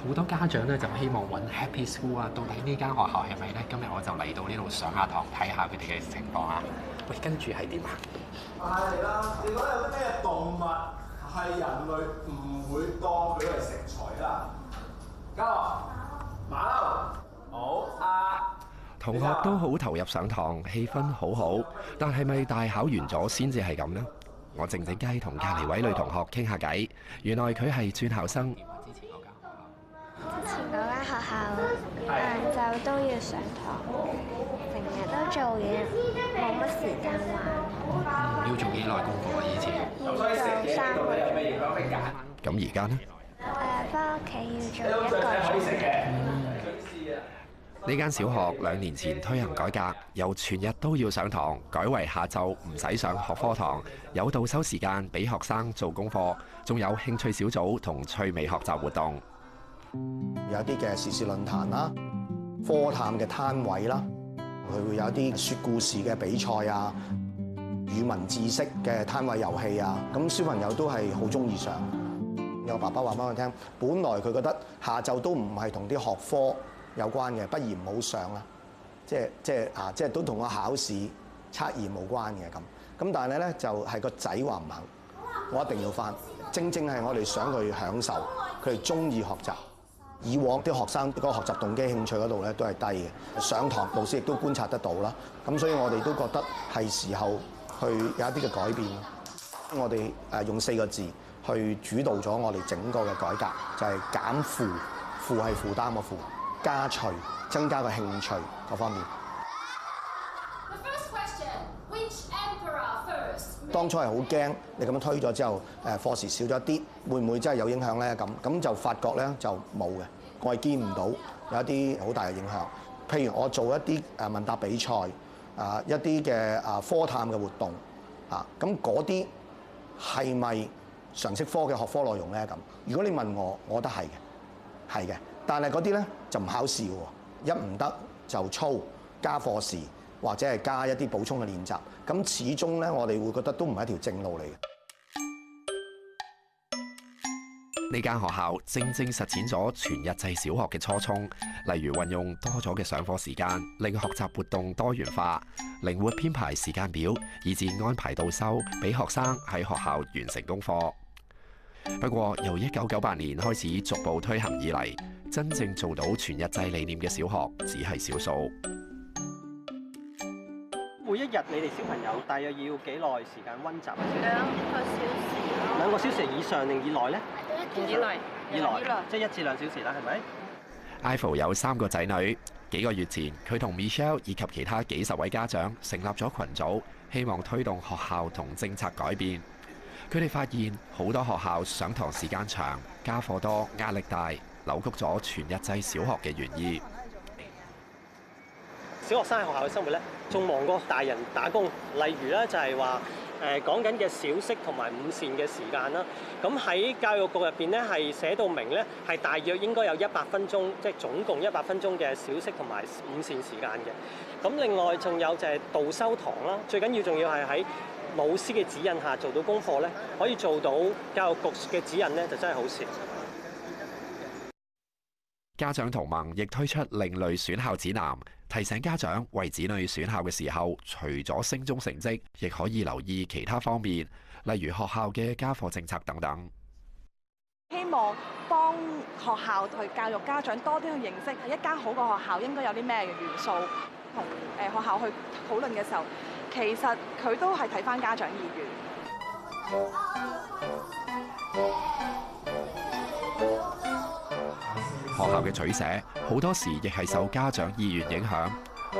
好多家長咧就希望揾 Happy School 啊！到底呢間學校係咪咧？今日我就嚟到呢度上下堂睇下佢哋嘅情況啊！喂，跟住係點啊？係啦，你講有啲咩動物係人類唔會當佢係食材啦？嘉華，馬騮，好啊！同學都好投入上堂，氣氛好好。但係咪大考完咗先至係咁咧？我靜靜雞同隔離位女同學傾下偈，原來佢係轉校生。下晏晝都要上堂，成日都做嘢，冇乜時間玩。要做幾耐功課？以前要做三個鐘。咁而家呢？誒，返屋企要做一個鐘。呢間、嗯、小學兩年前推行改革，由全日都要上堂，改為下晝唔使上學科堂，有導修時間俾學生做功課，仲有興趣小組同趣味學習活動。有啲嘅時事論壇啦，科探嘅攤位啦，佢會有啲説故事嘅比賽啊，語文知識嘅攤位遊戲啊，咁小朋友都係好中意上。有爸爸話俾我聽，本來佢覺得下晝都唔係同啲學科有關嘅，不如唔好上啦。即係即係啊，即係都同個考試測驗冇關嘅咁。咁但係咧就係個仔話唔肯，我一定要翻。正正係我哋想佢享受，佢哋中意學習。以往啲學生個學習動機、興趣嗰度咧都係低嘅，上堂老師亦都觀察得到啦。咁所以我哋都覺得係時候去有一啲嘅改變咯。我哋誒用四個字去主導咗我哋整個嘅改革，就係減負，負係負擔個負，「加趣」增加個興趣各方面。The first question, which 當初係好驚，你咁樣推咗之後，誒課時少咗啲，會唔會真係有影響咧？咁咁就發覺咧就冇嘅，我係見唔到有一啲好大嘅影響。譬如我做一啲誒問答比賽，啊一啲嘅啊科探嘅活動，嚇咁嗰啲係咪常識科嘅學科內容咧？咁如果你問我，我覺得係嘅，係嘅，但係嗰啲咧就唔考試喎，一唔得就操加課時。或者係加一啲補充嘅練習，咁始終呢，我哋會覺得都唔係一條正路嚟嘅。呢間學校正正實踐咗全日制小學嘅初衷，例如運用多咗嘅上課時間，令學習活動多元化，靈活編排時間表，以至安排導修，俾學生喺學校完成功課。不過，由一九九八年開始逐步推行以來，真正做到全日制理念嘅小學，只係少數。一日你哋小朋友大約要幾耐時間温習？一個小時。兩個小時以上定以內咧？一至來兩小時啦，係咪？Ivo 有三個仔女，幾個月前佢同 Michelle 以及其他幾十位家長成立咗群組，希望推動學校同政策改變。佢哋發現好多學校上堂時間長，家課多，壓力大，扭曲咗全日制小學嘅原意。小學生喺學校嘅生活咧，仲忙過大人打工。例如咧，就係話誒講緊嘅小息同埋午膳嘅時間啦。咁喺教育局入邊咧，係寫到明咧，係大約應該有一百分鐘，即係總共一百分鐘嘅小息同埋午膳時間嘅。咁另外仲有就係導修堂啦。最緊要仲要係喺老師嘅指引下做到功課咧，可以做到教育局嘅指引咧，就真係好少。家長同盟亦推出另類選校指南，提醒家長為子女選校嘅時候，除咗升中成績，亦可以留意其他方面，例如學校嘅家課政策等等。希望幫學校去教育家長多啲去認識，一間好嘅學校應該有啲咩嘅元素，同誒學校去討論嘅時候，其實佢都係睇翻家長意願。嗯學校嘅取捨，好多時亦係受家長意願影響。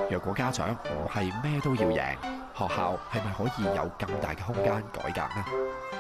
若果家長唔係咩都要贏，學校係咪可以有更大嘅空間改革呢？